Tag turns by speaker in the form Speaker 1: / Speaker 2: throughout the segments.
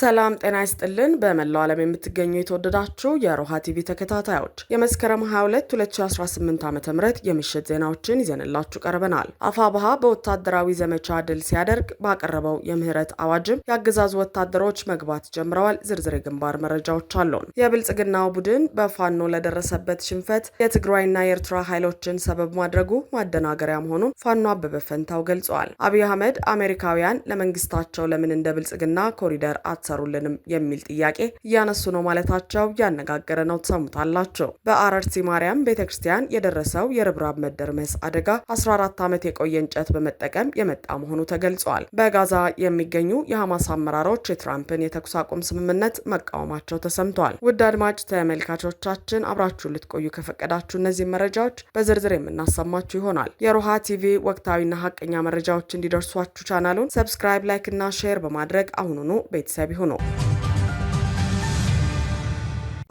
Speaker 1: ሰላም ጤና ይስጥልን። በመላው ዓለም የምትገኙ የተወደዳችሁ የሮሃ ቲቪ ተከታታዮች የመስከረም 22 2018 ዓ ም የምሽት ዜናዎችን ይዘንላችሁ ቀርበናል። አፋብኃ በወታደራዊ ዘመቻ ድል ሲያደርግ ባቀረበው የምህረት አዋጅም የአገዛዙ ወታደሮች መግባት ጀምረዋል። ዝርዝር የግንባር መረጃዎች አሉን። የብልጽግናው ቡድን በፋኖ ለደረሰበት ሽንፈት የትግራይና የኤርትራ ኃይሎችን ሰበብ ማድረጉ ማደናገሪያ መሆኑን ፋኖ አበበ ፈንታው ገልጸዋል። አብይ አህመድ አሜሪካውያን ለመንግስታቸው ለምን እንደ ብልጽግና ኮሪደር አትሰሩልንም የሚል ጥያቄ እያነሱ ነው ማለታቸው እያነጋገረ ነው። ትሰሙታላቸው። በአረርሲ ማርያም ቤተ ክርስቲያን የደረሰው የርብራብ መደርመስ አደጋ 14 ዓመት የቆየ እንጨት በመጠቀም የመጣ መሆኑ ተገልጿል። በጋዛ የሚገኙ የሐማስ አመራሮች የትራምፕን የተኩስ አቁም ስምምነት መቃወማቸው ተሰምቷል። ውድ አድማጭ ተመልካቾቻችን አብራችሁ ልትቆዩ ከፈቀዳችሁ እነዚህ መረጃዎች በዝርዝር የምናሰማችሁ ይሆናል። የሮሃ ቲቪ ወቅታዊና ሀቀኛ መረጃዎች እንዲደርሷችሁ ቻናሉን ሰብስክራይብ፣ ላይክ እና ሼር በማድረግ አሁኑኑ ቤተሰብ ቢሆኑ ነው።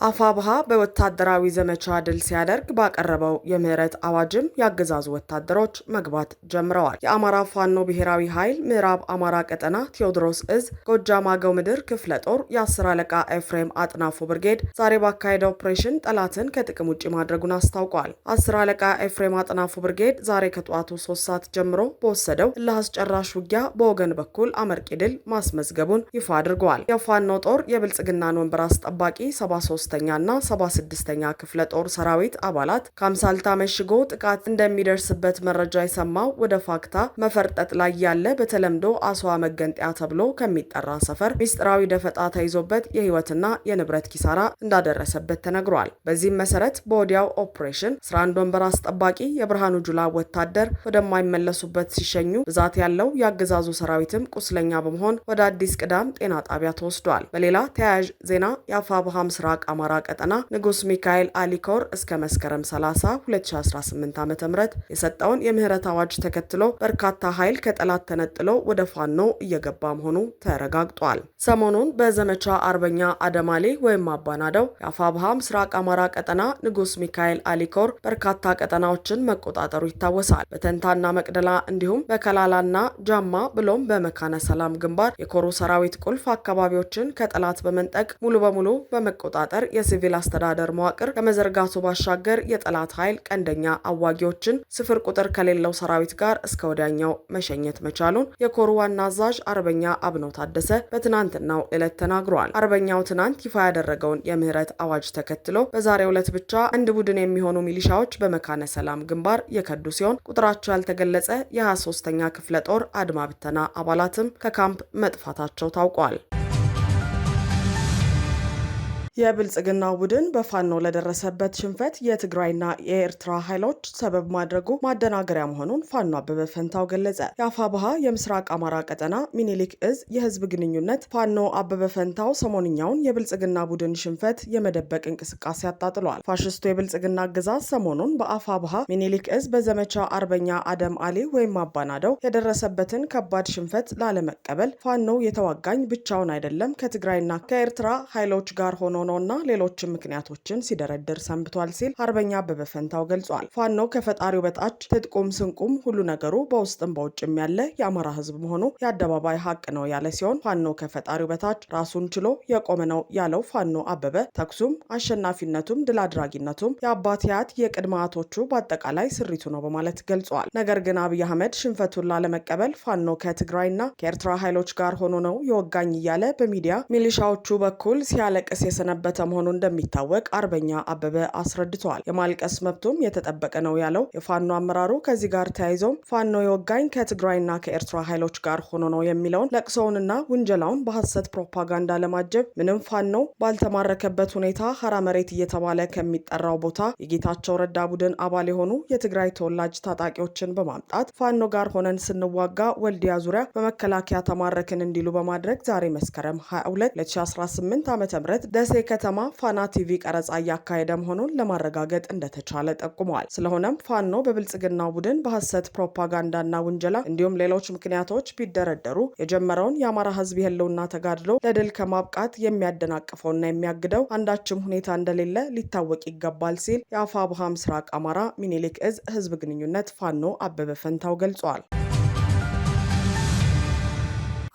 Speaker 1: አፋብሃ በወታደራዊ ዘመቻ ድል ሲያደርግ ባቀረበው የምህረት አዋጅም የአገዛዙ ወታደሮች መግባት ጀምረዋል። የአማራ ፋኖ ብሔራዊ ኃይል ምዕራብ አማራ ቀጠና ቴዎድሮስ እዝ ጎጃም አገው ምድር ክፍለ ጦር የአስር አለቃ ኤፍሬም አጥናፉ ብርጌድ ዛሬ ባካሄደ ኦፕሬሽን ጠላትን ከጥቅም ውጭ ማድረጉን አስታውቋል። አስር አለቃ ኤፍሬም አጥናፉ ብርጌድ ዛሬ ከጠዋቱ ሶስት ሰዓት ጀምሮ በወሰደው እልህ አስጨራሽ ውጊያ በወገን በኩል አመርቂ ድል ማስመዝገቡን ይፋ አድርገዋል። የፋኖ ጦር የብልጽግናን ወንበር አስጠባቂ 73 ሶስተኛና ሰባ ስድስተኛ ክፍለ ጦር ሰራዊት አባላት ከአምሳልታ መሽጎ ጥቃት እንደሚደርስበት መረጃ የሰማው ወደ ፋክታ መፈርጠጥ ላይ ያለ በተለምዶ አስዋ መገንጠያ ተብሎ ከሚጠራ ሰፈር ሚስጥራዊ ደፈጣ ተይዞበት የህይወትና የንብረት ኪሳራ እንዳደረሰበት ተነግሯል። በዚህም መሰረት በወዲያው ኦፕሬሽን 11 ወንበር አስጠባቂ የብርሃኑ ጁላ ወታደር ወደማይመለሱበት ሲሸኙ ብዛት ያለው የአገዛዙ ሰራዊትም ቁስለኛ በመሆን ወደ አዲስ ቅዳም ጤና ጣቢያ ተወስዷል። በሌላ ተያያዥ ዜና የአፋብሃ ምስራቅ አማራ ቀጠና ንጉስ ሚካኤል አሊኮር እስከ መስከረም 30 2018 ዓ ም የሰጠውን የምህረት አዋጅ ተከትሎ በርካታ ኃይል ከጠላት ተነጥሎ ወደ ፋኖ እየገባ መሆኑ ተረጋግጧል። ሰሞኑን በዘመቻ አርበኛ አደማሌ ወይም አባናደው የአፋብሃ ምስራቅ አማራ ቀጠና ንጉስ ሚካኤል አሊኮር በርካታ ቀጠናዎችን መቆጣጠሩ ይታወሳል። በተንታና መቅደላ እንዲሁም በከላላና ጃማ ብሎም በመካነ ሰላም ግንባር የኮሩ ሰራዊት ቁልፍ አካባቢዎችን ከጠላት በመንጠቅ ሙሉ በሙሉ በመቆጣጠር የሲቪል አስተዳደር መዋቅር ከመዘርጋቱ ባሻገር የጠላት ኃይል ቀንደኛ አዋጊዎችን ስፍር ቁጥር ከሌለው ሰራዊት ጋር እስከ ወዲያኛው መሸኘት መቻሉን የኮሩ ዋና አዛዥ አርበኛ አብነው ታደሰ በትናንትናው ዕለት ተናግረዋል። አርበኛው ትናንት ይፋ ያደረገውን የምህረት አዋጅ ተከትሎ በዛሬው ዕለት ብቻ አንድ ቡድን የሚሆኑ ሚሊሻዎች በመካነ ሰላም ግንባር የከዱ ሲሆን ቁጥራቸው ያልተገለጸ የ23ኛ ክፍለ ጦር አድማ ብተና አባላትም ከካምፕ መጥፋታቸው ታውቋል። የብልጽግና ቡድን በፋኖ ለደረሰበት ሽንፈት የትግራይና የኤርትራ ኃይሎች ሰበብ ማድረጉ ማደናገሪያ መሆኑን ፋኖ አበበ ፈንታው ገለጸ። ባሀ የምስራቅ አማራ ቀጠና ሚኒሊክ እዝ የህዝብ ግንኙነት ፋኖ አበበ ፈንታው ሰሞንኛውን የብልጽግና ቡድን ሽንፈት የመደበቅ እንቅስቃሴ አጣጥሏል። ፋሽስቱ የብልጽግና አገዛዝ ሰሞኑን በአፋብሃ ሚኒሊክ እዝ በዘመቻ አርበኛ አደም አሊ ወይም አባናደው የደረሰበትን ከባድ ሽንፈት ላለመቀበል ፋኖ የተዋጋኝ ብቻውን አይደለም ከትግራይና ከኤርትራ ኃይሎች ጋር ሆኖ ሆኖና ሌሎችም ምክንያቶችን ሲደረድር ሰንብቷል ሲል አርበኛ አበበ ፈንታው ገልጿል። ፋኖ ከፈጣሪው በታች ትጥቁም ስንቁም ሁሉ ነገሩ በውስጥም በውጭም ያለ የአማራ ሕዝብ መሆኑ የአደባባይ ሀቅ ነው ያለ ሲሆን ፋኖ ከፈጣሪው በታች ራሱን ችሎ የቆመ ነው ያለው ፋኖ አበበ ተኩሱም አሸናፊነቱም ድል አድራጊነቱም የአባት ያት የቅድማቶቹ በአጠቃላይ ስሪቱ ነው በማለት ገልጿል። ነገር ግን አብይ አህመድ ሽንፈቱን ላለመቀበል ፋኖ ከትግራይና ከኤርትራ ኃይሎች ጋር ሆኖ ነው የወጋኝ እያለ በሚዲያ ሚሊሻዎቹ በኩል ሲያለቅስ የሰነ እየሰነበተ መሆኑ እንደሚታወቅ አርበኛ አበበ አስረድተዋል። የማልቀስ መብቱም የተጠበቀ ነው ያለው የፋኖ አመራሩ ከዚህ ጋር ተያይዘውም ፋኖ የወጋኝ ከትግራይና ከኤርትራ ኃይሎች ጋር ሆኖ ነው የሚለውን ለቅሶውንና ውንጀላውን በሐሰት ፕሮፓጋንዳ ለማጀብ ምንም ፋኖ ባልተማረከበት ሁኔታ ሀራ መሬት እየተባለ ከሚጠራው ቦታ የጌታቸው ረዳ ቡድን አባል የሆኑ የትግራይ ተወላጅ ታጣቂዎችን በማምጣት ፋኖ ጋር ሆነን ስንዋጋ ወልዲያ ዙሪያ በመከላከያ ተማረክን እንዲሉ በማድረግ ዛሬ መስከረም 22 2018 ዓ ም ደሴ ከተማ ፋና ቲቪ ቀረጻ እያካሄደ መሆኑን ለማረጋገጥ እንደተቻለ ጠቁመዋል። ስለሆነም ፋኖ በብልጽግናው ቡድን በሐሰት ፕሮፓጋንዳና ውንጀላ እንዲሁም ሌሎች ምክንያቶች ቢደረደሩ የጀመረውን የአማራ ሕዝብ የህልውና ተጋድሎ ለድል ከማብቃት የሚያደናቅፈውና የሚያግደው አንዳችም ሁኔታ እንደሌለ ሊታወቅ ይገባል ሲል የአፋ ብሃ ምስራቅ አማራ ሚኒሊክ እዝ ሕዝብ ግንኙነት ፋኖ አበበ ፈንታው ገልጿል።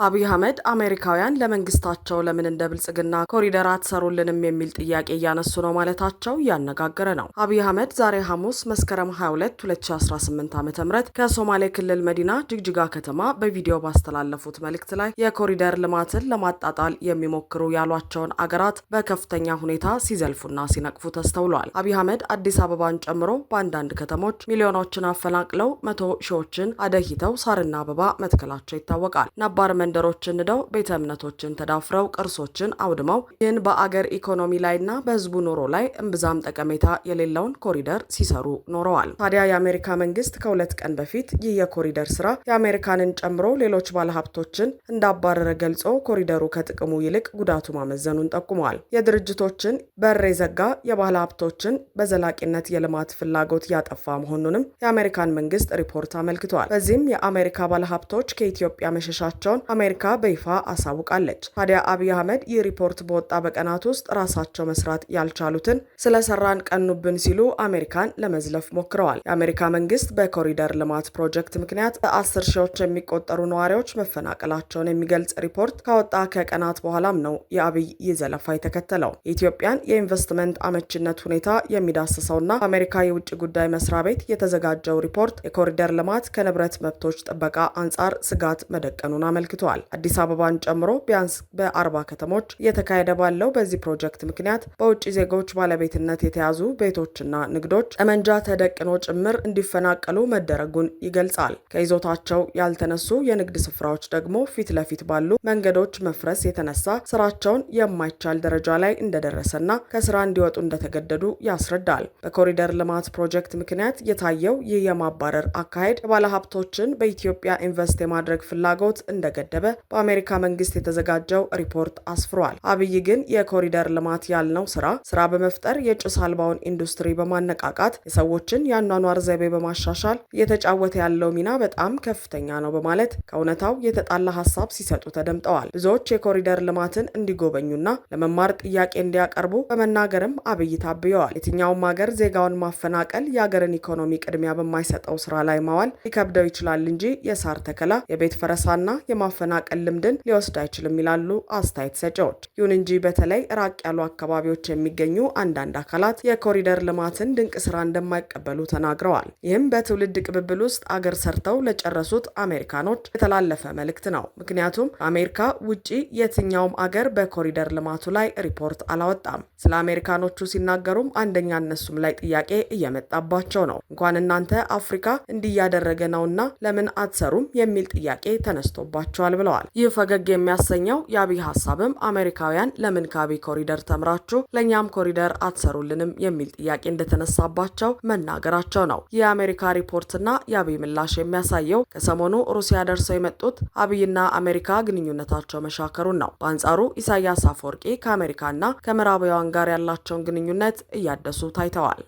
Speaker 1: አብይ አህመድ አሜሪካውያን ለመንግስታቸው ለምን እንደ ብልጽግና ኮሪደር አትሰሩልንም የሚል ጥያቄ እያነሱ ነው ማለታቸው እያነጋገረ ነው። አብይ አህመድ ዛሬ ሐሙስ መስከረም 22 2018 ዓ ም ከሶማሌ ክልል መዲና ጅግጅጋ ከተማ በቪዲዮ ባስተላለፉት መልእክት ላይ የኮሪደር ልማትን ለማጣጣል የሚሞክሩ ያሏቸውን አገራት በከፍተኛ ሁኔታ ሲዘልፉና ሲነቅፉ ተስተውሏል። አብይ አህመድ አዲስ አበባን ጨምሮ በአንዳንድ ከተሞች ሚሊዮኖችን አፈናቅለው መቶ ሺዎችን አደሂተው ሳርና አበባ መትከላቸው ይታወቃል። ነባር መንደሮችን ንደው ቤተ እምነቶችን ተዳፍረው ቅርሶችን አውድመው ይህን በአገር ኢኮኖሚ ላይና በህዝቡ ኑሮ ላይ እምብዛም ጠቀሜታ የሌለውን ኮሪደር ሲሰሩ ኖረዋል። ታዲያ የአሜሪካ መንግስት ከሁለት ቀን በፊት ይህ የኮሪደር ስራ የአሜሪካንን ጨምሮ ሌሎች ባለሀብቶችን እንዳባረረ ገልጾ ኮሪደሩ ከጥቅሙ ይልቅ ጉዳቱ ማመዘኑን ጠቁመዋል። የድርጅቶችን በር የዘጋ የባለ ሀብቶችን በዘላቂነት የልማት ፍላጎት ያጠፋ መሆኑንም የአሜሪካን መንግስት ሪፖርት አመልክቷል። በዚህም የአሜሪካ ባለሀብቶች ከኢትዮጵያ መሸሻቸውን አሜሪካ በይፋ አሳውቃለች። ታዲያ አብይ አህመድ ይህ ሪፖርት በወጣ በቀናት ውስጥ ራሳቸው መስራት ያልቻሉትን ስለሰራን ቀኑብን ሲሉ አሜሪካን ለመዝለፍ ሞክረዋል። የአሜሪካ መንግስት በኮሪደር ልማት ፕሮጀክት ምክንያት በአስር ሺዎች የሚቆጠሩ ነዋሪዎች መፈናቀላቸውን የሚገልጽ ሪፖርት ካወጣ ከቀናት በኋላም ነው የአብይ ይህ ዘለፋ የተከተለው። የኢትዮጵያን የኢንቨስትመንት አመችነት ሁኔታ የሚዳስሰውና በአሜሪካ የውጭ ጉዳይ መስሪያ ቤት የተዘጋጀው ሪፖርት የኮሪደር ልማት ከንብረት መብቶች ጥበቃ አንጻር ስጋት መደቀኑን አመልክቷል። አስረድተዋል። አዲስ አበባን ጨምሮ ቢያንስ በአርባ ከተሞች እየተካሄደ ባለው በዚህ ፕሮጀክት ምክንያት በውጭ ዜጎች ባለቤትነት የተያዙ ቤቶችና ንግዶች ጠመንጃ ተደቅኖ ጭምር እንዲፈናቀሉ መደረጉን ይገልጻል። ከይዞታቸው ያልተነሱ የንግድ ስፍራዎች ደግሞ ፊት ለፊት ባሉ መንገዶች መፍረስ የተነሳ ስራቸውን የማይቻል ደረጃ ላይ እንደደረሰና ከስራ እንዲወጡ እንደተገደዱ ያስረዳል። በኮሪደር ልማት ፕሮጀክት ምክንያት የታየው ይህ የማባረር አካሄድ የባለሀብቶችን በኢትዮጵያ ኢንቨስት የማድረግ ፍላጎት እንደገደ እንደገደበ በአሜሪካ መንግስት የተዘጋጀው ሪፖርት አስፍሯል። አብይ ግን የኮሪደር ልማት ያልነው ስራ ስራ በመፍጠር የጭስ አልባውን ኢንዱስትሪ በማነቃቃት የሰዎችን የአኗኗር ዘይቤ በማሻሻል እየተጫወተ ያለው ሚና በጣም ከፍተኛ ነው በማለት ከእውነታው የተጣላ ሀሳብ ሲሰጡ ተደምጠዋል። ብዙዎች የኮሪደር ልማትን እንዲጎበኙና ለመማር ጥያቄ እንዲያቀርቡ በመናገርም አብይ ታብየዋል። የትኛውም ሀገር ዜጋውን ማፈናቀል የሀገርን ኢኮኖሚ ቅድሚያ በማይሰጠው ስራ ላይ ማዋል ሊከብደው ይችላል እንጂ የሳር ተከላ፣ የቤት ፈረሳና የማፈ የማፈናቀል ልምድን ሊወስድ አይችልም ይላሉ አስተያየት ሰጪዎች። ይሁን እንጂ በተለይ ራቅ ያሉ አካባቢዎች የሚገኙ አንዳንድ አካላት የኮሪደር ልማትን ድንቅ ስራ እንደማይቀበሉ ተናግረዋል። ይህም በትውልድ ቅብብል ውስጥ አገር ሰርተው ለጨረሱት አሜሪካኖች የተላለፈ መልእክት ነው። ምክንያቱም ከአሜሪካ ውጪ የትኛውም አገር በኮሪደር ልማቱ ላይ ሪፖርት አላወጣም። ስለ አሜሪካኖቹ ሲናገሩም አንደኛ እነሱም ላይ ጥያቄ እየመጣባቸው ነው። እንኳን እናንተ አፍሪካ እንዲያደረገ ነውና ለምን አትሰሩም የሚል ጥያቄ ተነስቶባቸዋል ተደርጓል ብለዋል። ይህ ፈገግ የሚያሰኘው የአብይ ሀሳብም አሜሪካውያን ለምን ከአብይ ኮሪደር ተምራችሁ ለእኛም ኮሪደር አትሰሩልንም የሚል ጥያቄ እንደተነሳባቸው መናገራቸው ነው። የአሜሪካ ሪፖርትና የአብይ ምላሽ የሚያሳየው ከሰሞኑ ሩሲያ ደርሰው የመጡት አብይና አሜሪካ ግንኙነታቸው መሻከሩን ነው። በአንጻሩ ኢሳያስ አፈወርቂ ከአሜሪካና ከምዕራባውያን ጋር ያላቸውን ግንኙነት እያደሱ ታይተዋል።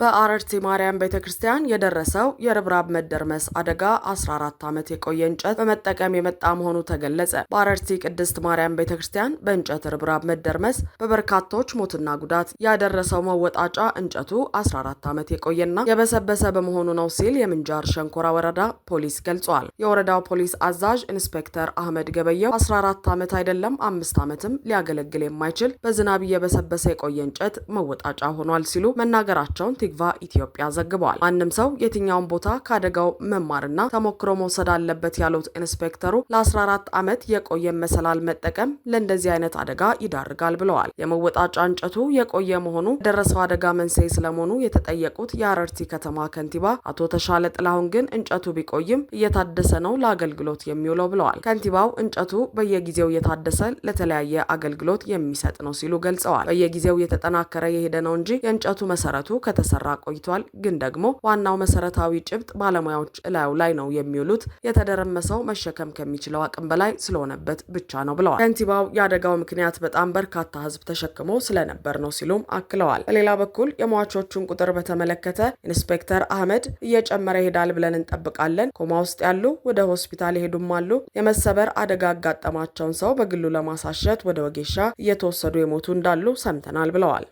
Speaker 1: በአረርቲ ማርያም ቤተ ክርስቲያን የደረሰው የርብራብ መደርመስ አደጋ 14 ዓመት የቆየ እንጨት በመጠቀም የመጣ መሆኑ ተገለጸ። በአረርቲ ቅድስት ማርያም ቤተ ክርስቲያን በእንጨት ርብራብ መደርመስ በበርካቶች ሞትና ጉዳት ያደረሰው መወጣጫ እንጨቱ 14 ዓመት የቆየና የበሰበሰ በመሆኑ ነው ሲል የምንጃር ሸንኮራ ወረዳ ፖሊስ ገልጿል። የወረዳው ፖሊስ አዛዥ ኢንስፔክተር አህመድ ገበየው 14 ዓመት አይደለም አምስት ዓመትም ሊያገለግል የማይችል በዝናብ እየበሰበሰ የቆየ እንጨት መወጣጫ ሆኗል ሲሉ መናገራቸውን ቲግቫ ኢትዮጵያ ዘግቧል። ማንም ሰው የትኛውን ቦታ ከአደጋው መማርና ተሞክሮ መውሰድ አለበት ያሉት ኢንስፔክተሩ ለ14 ዓመት የቆየ መሰላል መጠቀም ለእንደዚህ አይነት አደጋ ይዳርጋል ብለዋል። የመወጣጫ እንጨቱ የቆየ መሆኑ የደረሰው አደጋ መንስኤ ስለመሆኑ የተጠየቁት የአረርቲ ከተማ ከንቲባ አቶ ተሻለ ጥላሁን ግን እንጨቱ ቢቆይም እየታደሰ ነው ለአገልግሎት የሚውለው ብለዋል። ከንቲባው እንጨቱ በየጊዜው እየታደሰ ለተለያየ አገልግሎት የሚሰጥ ነው ሲሉ ገልጸዋል። በየጊዜው የተጠናከረ የሄደ ነው እንጂ የእንጨቱ መሰረቱ ከተሰ ሲሰራ ቆይቷል። ግን ደግሞ ዋናው መሰረታዊ ጭብጥ ባለሙያዎች እላዩ ላይ ነው የሚውሉት የተደረመሰው መሸከም ከሚችለው አቅም በላይ ስለሆነበት ብቻ ነው ብለዋል። ከንቲባው የአደጋው ምክንያት በጣም በርካታ ህዝብ ተሸክሞ ስለነበር ነው ሲሉም አክለዋል። በሌላ በኩል የሟቾቹን ቁጥር በተመለከተ ኢንስፔክተር አህመድ እየጨመረ ይሄዳል ብለን እንጠብቃለን። ኮማ ውስጥ ያሉ ወደ ሆስፒታል ይሄዱም አሉ። የመሰበር አደጋ ያጋጠማቸውን ሰው በግሉ ለማሳሸት ወደ ወጌሻ እየተወሰዱ የሞቱ እንዳሉ ሰምተናል ብለዋል።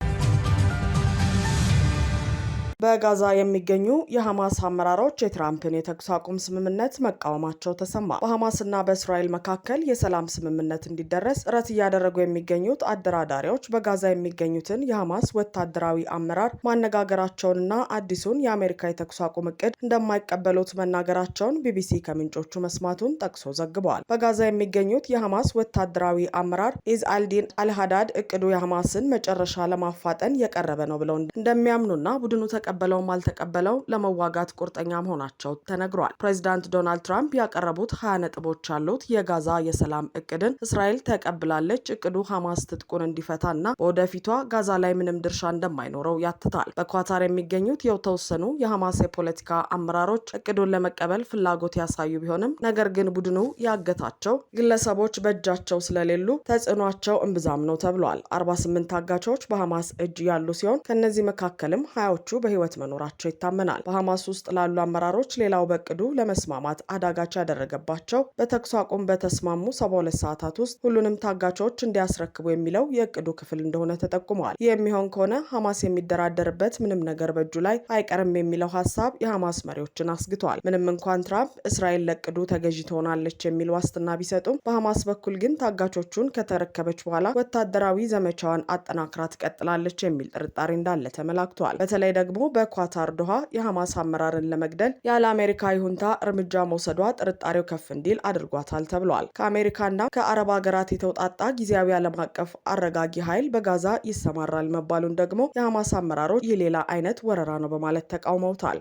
Speaker 1: በጋዛ የሚገኙ የሐማስ አመራሮች የትራምፕን የተኩስ አቁም ስምምነት መቃወማቸው ተሰማ። በሐማስና በእስራኤል መካከል የሰላም ስምምነት እንዲደረስ ጥረት እያደረጉ የሚገኙት አደራዳሪዎች በጋዛ የሚገኙትን የሐማስ ወታደራዊ አመራር ማነጋገራቸውንና አዲሱን የአሜሪካ የተኩስ አቁም እቅድ እንደማይቀበሉት መናገራቸውን ቢቢሲ ከምንጮቹ መስማቱን ጠቅሶ ዘግበዋል። በጋዛ የሚገኙት የሐማስ ወታደራዊ አመራር ኢዝ አልዲን አልሃዳድ እቅዱ የሐማስን መጨረሻ ለማፋጠን የቀረበ ነው ብለው እንደሚያምኑና ቡድኑ ተቀ ተቀበለውም አልተቀበለው ለመዋጋት ቁርጠኛ መሆናቸው ተነግሯል። ፕሬዚዳንት ዶናልድ ትራምፕ ያቀረቡት ሀያ ነጥቦች ያሉት የጋዛ የሰላም እቅድን እስራኤል ተቀብላለች። እቅዱ ሐማስ ትጥቁን እንዲፈታ እና በወደፊቷ ጋዛ ላይ ምንም ድርሻ እንደማይኖረው ያትታል። በኳታር የሚገኙት የተወሰኑ የሐማስ የፖለቲካ አመራሮች እቅዱን ለመቀበል ፍላጎት ያሳዩ ቢሆንም ነገር ግን ቡድኑ ያገታቸው ግለሰቦች በእጃቸው ስለሌሉ ተጽዕኗቸው እምብዛም ነው ተብሏል። 48 ታጋቾች በሐማስ እጅ ያሉ ሲሆን ከእነዚህ መካከልም ሀያዎቹ በህይወት በህይወት መኖራቸው ይታመናል። በሐማስ ውስጥ ላሉ አመራሮች ሌላው በቅዱ ለመስማማት አዳጋች ያደረገባቸው በተኩስ አቁም በተስማሙ 72 ሰዓታት ውስጥ ሁሉንም ታጋቾች እንዲያስረክቡ የሚለው የእቅዱ ክፍል እንደሆነ ተጠቁመዋል። ይህ የሚሆን ከሆነ ሐማስ የሚደራደርበት ምንም ነገር በእጁ ላይ አይቀርም የሚለው ሀሳብ የሐማስ መሪዎችን አስግቷል። ምንም እንኳን ትራምፕ እስራኤል ለቅዱ ተገዢ ትሆናለች የሚል ዋስትና ቢሰጡም በሐማስ በኩል ግን ታጋቾቹን ከተረከበች በኋላ ወታደራዊ ዘመቻዋን አጠናክራ ትቀጥላለች የሚል ጥርጣሬ እንዳለ ተመላክቷል። በተለይ ደግሞ በኳታር ዶሃ የሐማስ አመራርን ለመግደል ያለ አሜሪካ ይሁንታ እርምጃ መውሰዷ ጥርጣሬው ከፍ እንዲል አድርጓታል ተብሏል። ከአሜሪካና ከአረብ ሀገራት የተውጣጣ ጊዜያዊ ዓለም አቀፍ አረጋጊ ኃይል በጋዛ ይሰማራል መባሉን ደግሞ የሐማስ አመራሮች የሌላ አይነት ወረራ ነው በማለት ተቃውመውታል።